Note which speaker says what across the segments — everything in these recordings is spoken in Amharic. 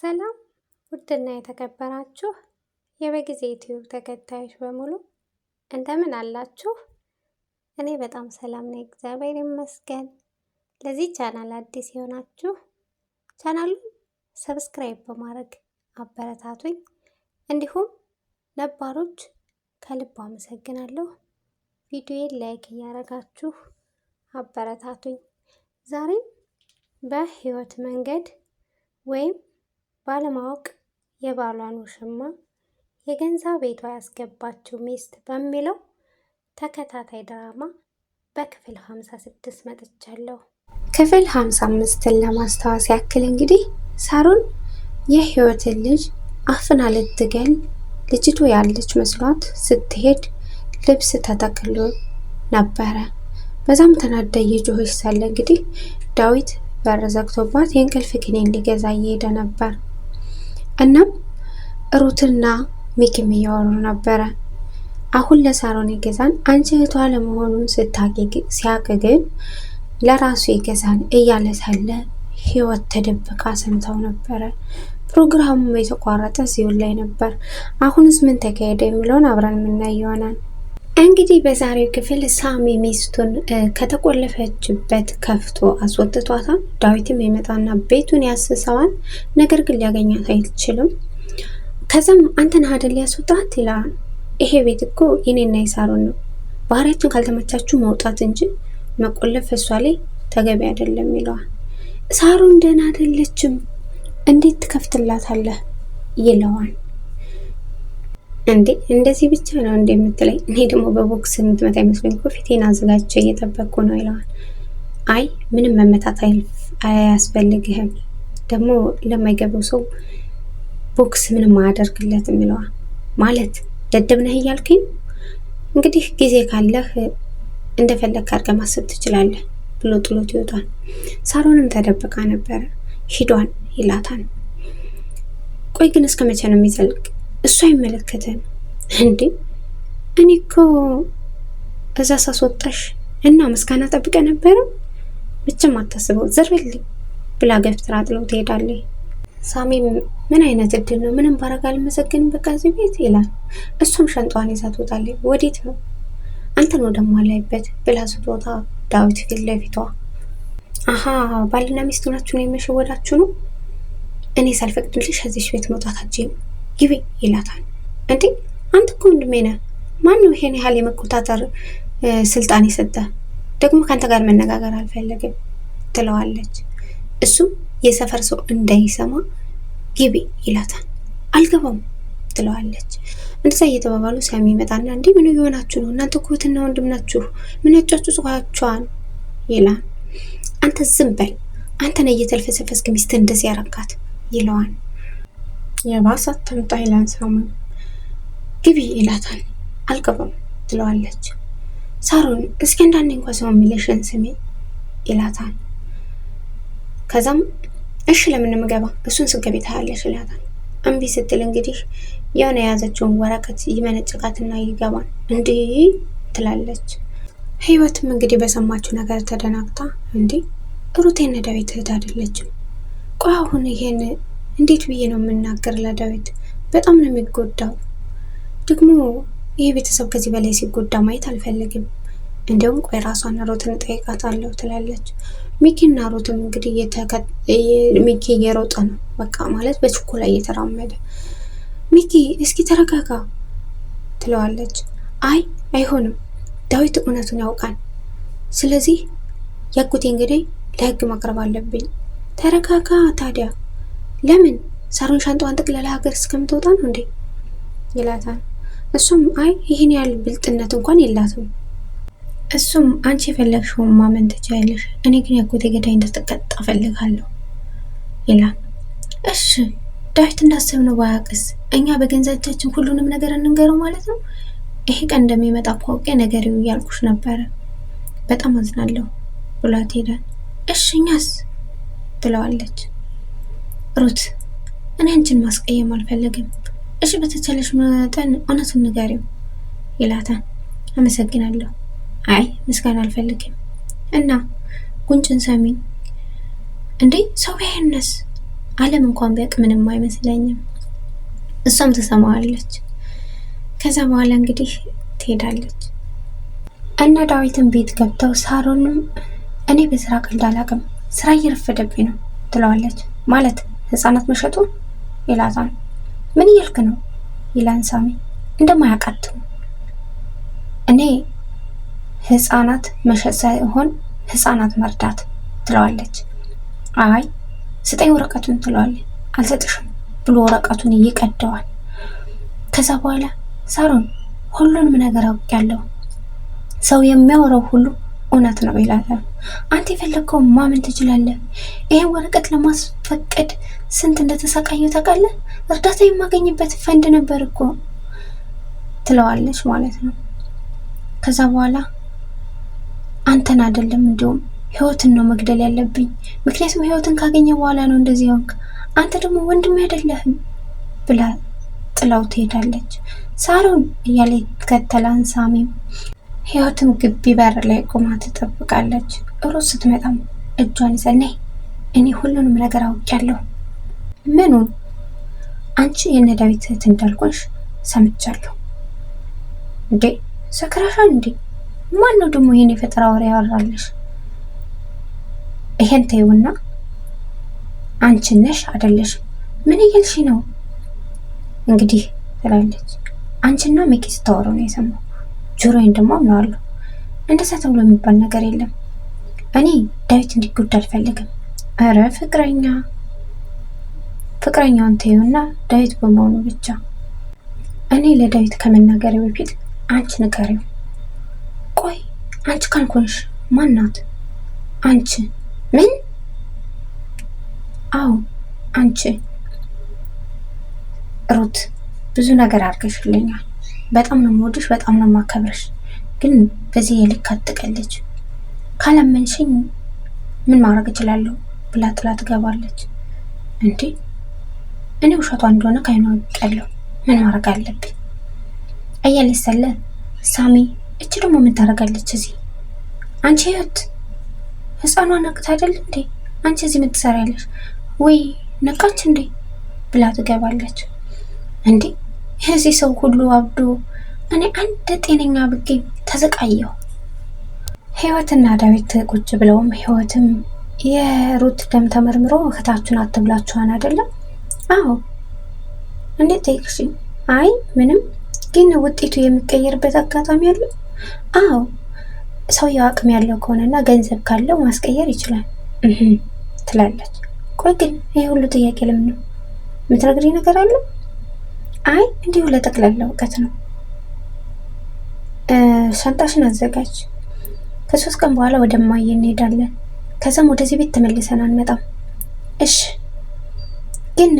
Speaker 1: ሰላም ውድና የተከበራችሁ የበጊዜ ዩቲዩብ ተከታዮች በሙሉ እንደምን አላችሁ? እኔ በጣም ሰላም ነኝ፣ እግዚአብሔር ይመስገን። ለዚህ ቻናል አዲስ የሆናችሁ ቻናሉን ሰብስክራይብ በማድረግ አበረታቱኝ። እንዲሁም ነባሮች ከልብ አመሰግናለሁ። ቪዲዮዬን ላይክ እያደረጋችሁ አበረታቱኝ። ዛሬም በህይወት መንገድ ወይም ባለማወቅ የባሏን ውሽማ የገንዛ ቤቷ ያስገባችው ሚስት በሚለው ተከታታይ ድራማ በክፍል 56 መጥቻለሁ።
Speaker 2: ክፍል 55ን ለማስታወስ ያክል እንግዲህ ሳሩን የህይወትን ልጅ አፍና ልትገል ልጅቱ ያለች መስሏት ስትሄድ ልብስ ተተክሎ ነበረ። በዛም ተናዳ እየጮኸች ሳለ እንግዲህ ዳዊት በር ዘግቶባት የእንቅልፍ ክኒን ሊገዛ እየሄደ ነበር። እናም ሩትና ሚኪም እያወሩ ነበረ። አሁን ለሳሮን ይገዛን አንቺ እህቷ ለመሆኑን ሲያቅ ግን ለራሱ ይገዛን እያለ ሳለ ህይወት ተደብቃ ሰምተው ነበረ። ፕሮግራሙ የተቋረጠ ሲውል ላይ ነበር። አሁንስ ምን ተካሄደ የሚለውን አብረን የምናይ ይሆናል። እንግዲህ በዛሬው ክፍል ሳሚ ሚስቱን ከተቆለፈችበት ከፍቶ አስወጥቷታል። ዳዊትም ይመጣና ቤቱን ያስሰዋል። ነገር ግን ሊያገኛት አይችልም። ከዛም አንተን ሀደል ሊያስወጣት ይላል። ይሄ ቤት እኮ የኔና የሳሮን ነው፣ ባህሪያችን ካልተመቻችሁ መውጣት እንጂ መቆለፍ እሷ ላይ ተገቢ አይደለም ይለዋል። ሳሮን ደህና አይደለችም፣ እንዴት ትከፍትላታለህ ይለዋል። እንዴ እንደዚህ ብቻ ነው እንዴ የምትለኝ? እኔ ደግሞ በቦክስ የምትመታ ይመስለኝ እኮ ፊቴን አዘጋጅቼ እየጠበቅኩ ነው ይለዋል። አይ ምንም መመታት አያስፈልግህም፣ ደግሞ ለማይገባው ሰው ቦክስ ምንም አያደርግለትም ይለዋል። ማለት ደደብ ነህ እንግዲህ ጊዜ ካለህ እንደፈለግ አድርገህ ማሰብ ትችላለህ ብሎ ጥሎት ይወጣል። ሳሮንም ተደብቃ ነበረ ሂዷን ይላታል። ቆይ ግን እስከ መቼ ነው የሚዘልቅ እሱ አይመለከተን እንዴ? እኔ እኮ እዛ ሳስወጣሽ እና ምስጋና ጠብቀ ነበረ። ምችም አታስበው ዘርብልኝ ብላ ገፍትራ ጥለው ትሄዳለች። ሳሚም ምን አይነት እድል ነው? ምንም ባረጋ አልመሰገንም በቃ እዚህ ቤት ይላል። እሷም ሸንጧን ይዛ ትወጣለች። ወዴት ነው? ነው ደሞ ላይበት ብላ ስትወጣ ዳዊት ፊት ለፊቷ አሀ ባልና ሚስት ናችሁ ነው የመሸወዳችሁ ነው? እኔ ሳልፈቅድልሽ እዚሽ ቤት መውጣት አትችይም ግቢ ይላታል። እንዴ አንተ እኮ ወንድሜ ነህ። ማን ነው ይሄን ያህል የመቆጣጠር ስልጣን የሰጠ? ደግሞ ከአንተ ጋር መነጋገር አልፈለግም ትለዋለች። እሱም የሰፈር ሰው እንዳይሰማ ግቢ ይላታል። አልገባም ትለዋለች። እንደዛ እየተባባሉ ሳሚ ይመጣና እንዲህ ምን የሆናችሁ ነው እናንተ እኮ እህትና ወንድም ናችሁ፣ ምን ያጫችሁ ጽኋችኋን ይላል። አንተ ዝም በል አንተ ነህ እየተልፈሰፈስክ ሚስት እንደዚህ ያረካት ይለዋል። የባሰ ምጣ ይላል ሳሙን። ግቢ ይላታል። አልገባም ትለዋለች። ሳሮን እስኪ አንዳንዴ እንኳ ሰው የሚለሽን ስሜ ይላታል። ከዛም እሺ ለምን ምገባ እሱን ስገቢ ታያለሽ ይላታል። እምቢ ስትል እንግዲህ የሆነ የያዘችውን ወረቀት ይመነጭቃትና ይገባል። እንዲህ ትላለች። ህይወትም እንግዲህ በሰማችው ነገር ተደናግታ እንዲህ ሩቴን ነዳቤት እህት አይደለችም። ቆይ አሁን ይሄን እንዴት ብዬ ነው የምናገር ለዳዊት? በጣም ነው የሚጎዳው። ደግሞ ይህ ቤተሰብ ከዚህ በላይ ሲጎዳ ማየት አልፈልግም። እንዲሁም ቆይ ራሷን ሮትን እጠይቃታለሁ ትላለች። ሚኪና ሮትም እንግዲህ ሚኪ እየሮጠ ነው፣ በቃ ማለት በችኮላ እየተራመደ ሚኪ እስኪ ተረጋጋ ትለዋለች። አይ አይሆንም፣ ዳዊት እውነቱን ያውቃል። ስለዚህ ያጉቴ እንግዲህ ለህግ ማቅረብ አለብኝ። ተረጋጋ ታዲያ ለምን ሳሩን ሻንጣዋን ጠቅልላ ሀገር እስከምትወጣ ነው እንዴ ይላታል። እሱም አይ ይህን ያህል ብልጥነት እንኳን የላትም። እሱም አንቺ የፈለግሽውን ማመን ትችያለሽ፣ እኔ ግን ያጎቴ ገዳይ እንደተቀጣ እፈልጋለሁ ይላል። እሺ ዳዊት እንዳሰብነው ባያቅስ እኛ በገንዘብቻችን ሁሉንም ነገር እንንገረው ማለት ነው። ይሄ ቀን እንደሚመጣ እኮ ነገር ነገሬው እያልኩሽ ነበረ። በጣም አዝናለሁ ብሏት ሄዳል። እሺ እኛስ ትለዋለች። ሩት፣ እኔ አንቺን ማስቀየም አልፈለግም። እሺ፣ በተቻለሽ መጠን እውነቱን ንገሪው ይላታል። አመሰግናለሁ፣ አይ ምስጋና አልፈልግም። እና ጉንጭን ሰሚን እንዴ ሰው ቢያየንስ አለም እንኳን ቢያውቅ ምንም አይመስለኝም። እሷም ትሰማዋለች። ከዛ በኋላ እንግዲህ ትሄዳለች። እና ዳዊትን ቤት ገብተው ሳሮንም እኔ በስራ ቀልድ አላውቅም፣ ስራ እየረፈደብኝ ነው ትለዋለች ማለት ህፃናት መሸጡ ይላታል። ምን እያልክ ነው ይላን ሳሚ እንደማያቃት እኔ ህፃናት መሸጥ ሳይሆን ህፃናት መርዳት ትለዋለች። አይ ስጠኝ ወረቀቱን ትለዋለች። አልሰጥሽም ብሎ ወረቀቱን ይቀደዋል። ከዛ በኋላ ሳሮን ሁሉንም ነገር አውቅ ያለው ሰው የሚያወራው ሁሉ እውነት ነው ይላታል። አንተ የፈለግከው ማመን ትችላለህ። ይሄን ወረቀት ለማስፈቀድ ስንት እንደተሰቃየሁ ታውቃለህ? እርዳታ የማገኝበት ፈንድ ነበር እኮ ትለዋለች ማለት ነው። ከዛ በኋላ አንተን አይደለም እንዲሁም ህይወትን ነው መግደል ያለብኝ፣ ምክንያቱም ህይወትን ካገኘ በኋላ ነው እንደዚህ ሆንክ፣ አንተ ደግሞ ወንድም አይደለህም ብላ ጥላው ትሄዳለች። ሳሮን እያለ ከተላን ሳሚም ህይወትም ግቢ በር ላይ ቆማ ትጠብቃለች። ሩት ስትመጣም እጇን ይዘና እኔ ሁሉንም ነገር አውቄያለሁ። ምኑን? አንቺ የነ ዳዊት እህት እንዳልኩሽ ሰምቻለሁ። እንዴ ሰክራሻል እንዴ? ማን ነው ደግሞ ይሄን የፈጠራ ወሬ ያወራለሽ? ይሄን ተይውና አንቺ ነሽ አይደለሽ? ምን እያልሽ ነው? እንግዲህ ትላለች። አንቺና መኪ ስታወራው ነው የሰማው ጆሮዬን ደግሞ አምነዋለሁ። እንደዛ ተብሎ የሚባል ነገር የለም። እኔ ዳዊት እንዲጎዳ አልፈልግም። እረ ፍቅረኛ ፍቅረኛውን ተይውና ዳዊት በመሆኑ ብቻ እኔ ለዳዊት ከመናገር በፊት አንቺ ንገሪው። ቆይ አንቺ ካልኮንሽ ማናት? አንቺ ምን? አዎ አንቺ ሩት፣ ብዙ ነገር አድርገሽልኛል። በጣም ነው የምወድሽ፣ በጣም ነው የማከብርሽ። ግን በዚህ የልክ አትቀልጅ፣ ካላመንሽኝ ምን ማድረግ እችላለሁ ብላ ጥላ ትገባለች። እንዴ እኔ ውሸቷ እንደሆነ ከአይኗ አውቃለሁ። ምን ማድረግ አለብኝ እያለ ሳለ ሳሚ እች ደግሞ ምን ታደርጋለች እዚህ? አንቺ እህት ህፃኗ ነቅት አይደል እንዴ አንቺ እዚህ ምን ትሰሪያለሽ? ወይ ነቃች እንዴ ብላ ትገባለች። እንዴ የዚህ ሰው ሁሉ አብዶ እኔ አንድ ጤነኛ ብገኝ ተሰቃየሁ። ህይወትና ዳዊት ቁጭ ብለውም ህይወትም የሩት ደም ተመርምሮ እህታችሁን አትብላችኋን አይደለም? አዎ። እንዴት ጠይቅሽ? አይ ምንም። ግን ውጤቱ የሚቀየርበት አጋጣሚ አለ? አዎ። ሰውየው አቅም ያለው ከሆነና ገንዘብ ካለው ማስቀየር ይችላል ትላለች። ቆይ ግን ይህ ሁሉ ጥያቄ ለምን ነው? የምትነግሪኝ ነገር አለው አይ እንዲሁ ለጠቅላላ እውቀት ነው። ሻንጣሽን አዘጋጅ። ከሶስት ቀን በኋላ ወደ ማየ እንሄዳለን። ከዛም ወደዚህ ቤት ተመልሰን አንመጣም። እሽ ግን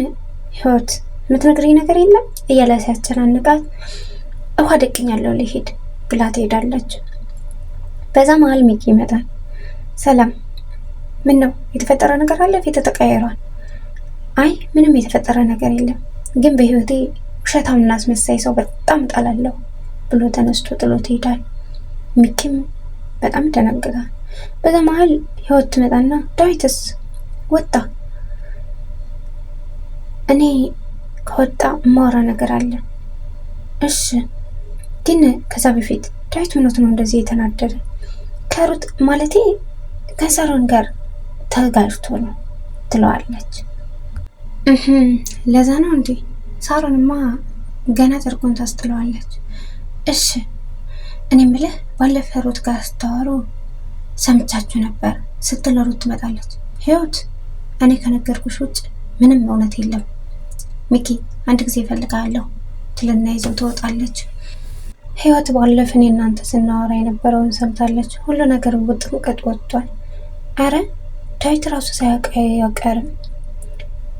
Speaker 2: ህይወት የምትነግረኝ ነገር የለም እያለ ሲያስጨናንቃት ውሃ ደቅኛለሁ ልሄድ ብላ ትሄዳለች። በዛ መሀል ሚኪ ይመጣል። ሰላም፣ ምን ነው የተፈጠረ ነገር አለ? ፊት ተቀያይሯል። አይ ምንም የተፈጠረ ነገር የለም ግን በህይወቴ ውሸታምና አስመሳይ ሰው በጣም እጠላለሁ ብሎ ተነስቶ ጥሎት ይሄዳል። ሚኪም በጣም ይደነግጣል። በዛ መሀል ህይወት ትመጣና ዳዊትስ ወጣ። እኔ ከወጣ ማወራ ነገር አለ። እሺ፣ ግን ከዛ በፊት ዳዊት ምኖት ነው እንደዚህ የተናደደ? ከሩት ማለቴ ከሰሮን ጋር ተጋጅቶ ነው ትለዋለች። ለዛ ነው እንዴ ሳሮንማ ገና ጨርቁን ታስጥለዋለች። እሺ እኔ ምልህ ባለፈ ሩት ጋር ስታወሩ ሰምቻችሁ ነበር ስትል ሩት ትመጣለች። ህይወት እኔ ከነገርኩሽ ውጭ ምንም እውነት የለም። ሚኪ አንድ ጊዜ እፈልግሃለሁ ትልና ይዘው ትወጣለች። ህይወት ባለፈ እኔ እናንተ ስናወራ የነበረውን ሰምታለች። ሁሉ ነገር ውጥንቅጥ ወጥቷል። አረ ዳዊት ራሱ ሳያውቅ አይቀርም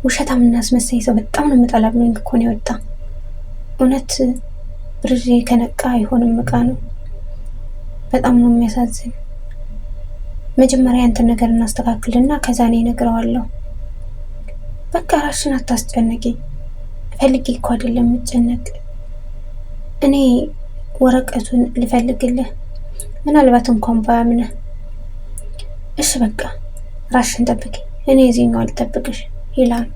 Speaker 2: ውሸታም እና አስመሳይ ሰው በጣም ነው የምጠላ ብሎኝ እኮ ነው የወጣ። እውነት ብርዤ ከነቃ አይሆንም እቃ ነው። በጣም ነው የሚያሳዝን። መጀመሪያ ያንተን ነገር እናስተካክልና ከዛ እኔ እነግረዋለሁ። በቃ ራስሽን አታስጨነቂ። ፈልጌ እኮ አይደለም የምጨነቅ። እኔ ወረቀቱን ልፈልግልህ፣ ምናልባት እንኳን ባያምነህ። እሺ በቃ ራስሽን ጠብቂ፣ እኔ እዚህኛው አልጠብቅሽ ይላል።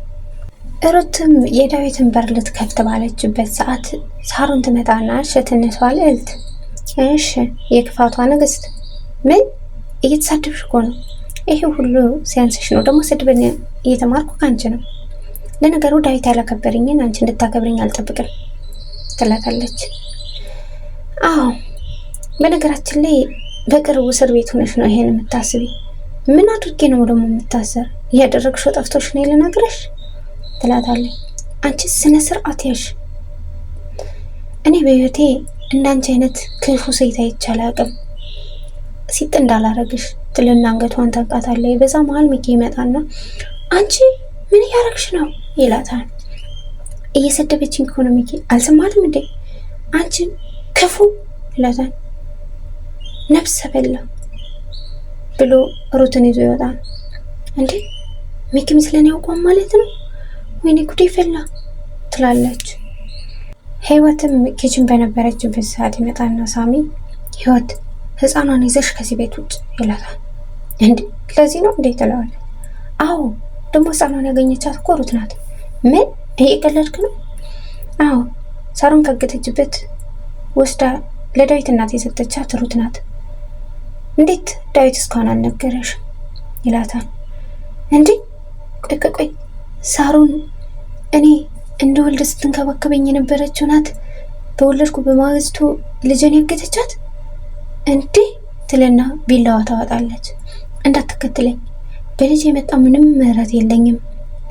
Speaker 2: ሩትም የዳዊትን በር ልትከፍት ባለችበት ሰዓት ሳሩን ትመጣና እሽ ትንሷ ልዕልት እሽ የክፋቷ ንግስት ምን እየተሳደብሽ እኮ ነው? ይሄ ሁሉ ሲያንስሽ ነው ደግሞ ስድብን እየተማርኩ ከአንቺ ነው። ለነገሩ ዳዊት ያላከበረኝን አንቺ እንድታከብርኝ አልጠብቅም ትላታለች። አዎ በነገራችን ላይ በቅርቡ እስር ቤት ሆነሽ ነው ይሄን የምታስቢ። ምን አድርጌ ነው ደግሞ የምታሰር ያደረግሽው ጠፍቶሽ ነው ልነግርሽ ትላታለች። አንቺ ስነ ስርዓት ያሽ እኔ በህይወቴ እንዳንቺ አይነት ክፉ ሴት አይቼ አላውቅም ሲጥ እንዳላረግሽ ትልና አንገቷን ታንቃታለች። በዛ መሀል ሚኪ ይመጣና አንቺ ምን እያረግሽ ነው ይላታል። እየሰደበችኝ ከሆነ ሚኪ አልሰማትም እንዴ አንቺን ክፉ ይላታል። ነፍሰ በላ ብሎ ሩትን ይዞ ይወጣል። እንዴ ሚኪም ምስለን ያውቋም ማለት ነው። ወይኔ ጉዴ ፈላ ትላለች። ህይወትም ኪችን በነበረችበት ሰዓት ይመጣና ሳሚ ህይወት ህፃኗን ይዘሽ ከዚህ ቤት ውጭ ይላታል። እንዴ ለዚህ ነው እንዴ ትለዋለች። አዎ ደግሞ ህፃኗን ያገኘቻት እኮ ሩት ናት። ምን እየቀለድክ ነው? አዎ ሳሩን ከገተችበት ወስዳ ለዳዊት እናት የሰጠቻት ሩት ናት። እንዴት ዳዊት እስካሁን አልነገረሽ? ይላታል። እንዴ ቆይ ከቆይ ሳሩን እኔ እንደ ወልድ ስትንከባከበኝ የነበረችው ናት። በወለድኩ በማግስቱ ልጅን ያገተቻት እንዴ ትልና ቢላዋ ታወጣለች። እንዳትከትለኝ በልጅ የመጣ ምንም ምሕረት የለኝም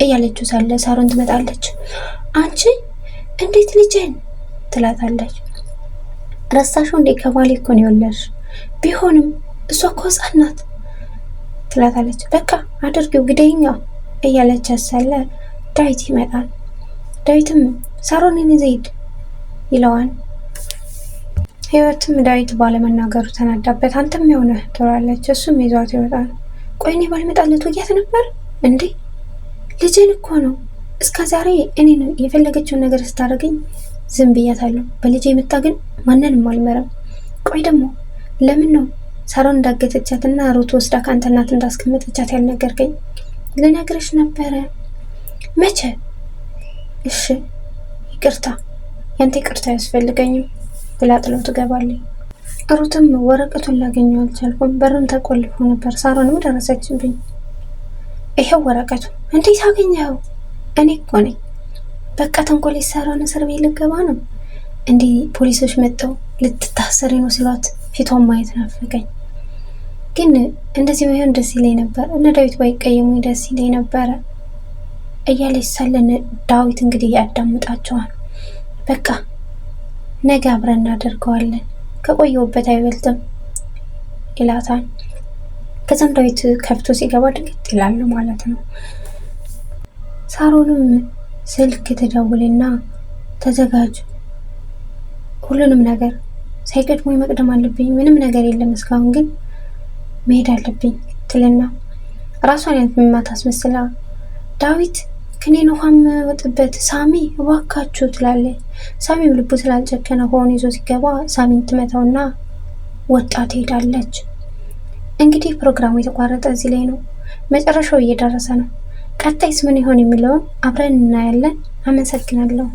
Speaker 2: እያለችው ሳለ ሳሮን ትመጣለች። አንቺ እንዴት ልጅን ትላታለች። ረሳሽው እንዴ ከባሌ እኮ ነው የወለድሽ። ቢሆንም እሷ እኮ ህፃን ናት ትላታለች። በቃ አድርጊው ግደኛ እያለች ሳለ ዳዊት ይመጣል። ዳዊትም ሳሮንን ዘይድ ይለዋል። ህይወትም ዳዊት ባለመናገሩ ተናዳበት። አንተም የሆነ ትላለች። እሱም ይዟት ይወጣል። ቆይ እኔ ባልመጣለት ውጊያት ነበር እንዴ? ልጅን እኮ ነው እስከ ዛሬ እኔን የፈለገችውን ነገር ስታደርገኝ ዝም ብያታለሁ። በልጅ የመጣ ግን ማንንም አልመረም። ቆይ ደግሞ ለምን ነው ሳሮን እንዳገተቻት እና ሩት ወስዳ ከአንተ እናት እንዳስቀመጠቻት ያልነገርከኝ? ልነግርሽ ነበረ። መቼ? እሺ ይቅርታ፣ ያንተ ይቅርታ አያስፈልገኝም ብላ ጥለው ትገባለች። ሩትም ወረቀቱን ላገኘው አልቻልኩም፣ በሩም ተቆልፎ ነበር። ሳሮንም ደረሰችብኝ። ይሄው ወረቀቱ። እንዴት አገኘኸው? እኔ እኮ ነኝ። በቃ ተንኮሌ ሳሮን እስር ቤት ልገባ ነው እንዲህ ፖሊሶች መጥተው ልትታሰሪ ነው ሲሏት ፊቷን ማየት ናፈቀኝ። ግን እንደዚህ ባይሆን ደስ ይለኝ ነበር፣ እነ ዳዊት ባይቀየሙኝ ደስ ይለኝ ነበረ እያለች ሳለን ዳዊት እንግዲህ ያዳምጣቸዋል። በቃ ነገ አብረን እናደርገዋለን፣ ከቆየውበት አይበልጥም ይላታል። ከዛም ዳዊት ከፍቶ ሲገባ ድንገት ይላሉ ማለት ነው። ሳሮንም ስልክ ትደውልና ተዘጋጁ፣ ሁሉንም ነገር ሳይቀድሞኝ መቅደም አለብኝ፣ ምንም ነገር የለም እስካሁን ግን መሄድ አለብኝ ትልና ራሷን ምማት አስመስላ ዳዊት ክኔን ውሃ የምወጥበት ሳሚ እባካችሁ ትላለች። ሳሚም ልቡ ስላልጨከነ ሆን ይዞ ሲገባ ሳሚን ትመታውና ወጣ ትሄዳለች። እንግዲህ ፕሮግራሙ የተቋረጠ እዚህ ላይ ነው። መጨረሻው እየደረሰ ነው። ቀጣይስ ምን ይሆን የሚለውን አብረን እናያለን። አመሰግናለሁ።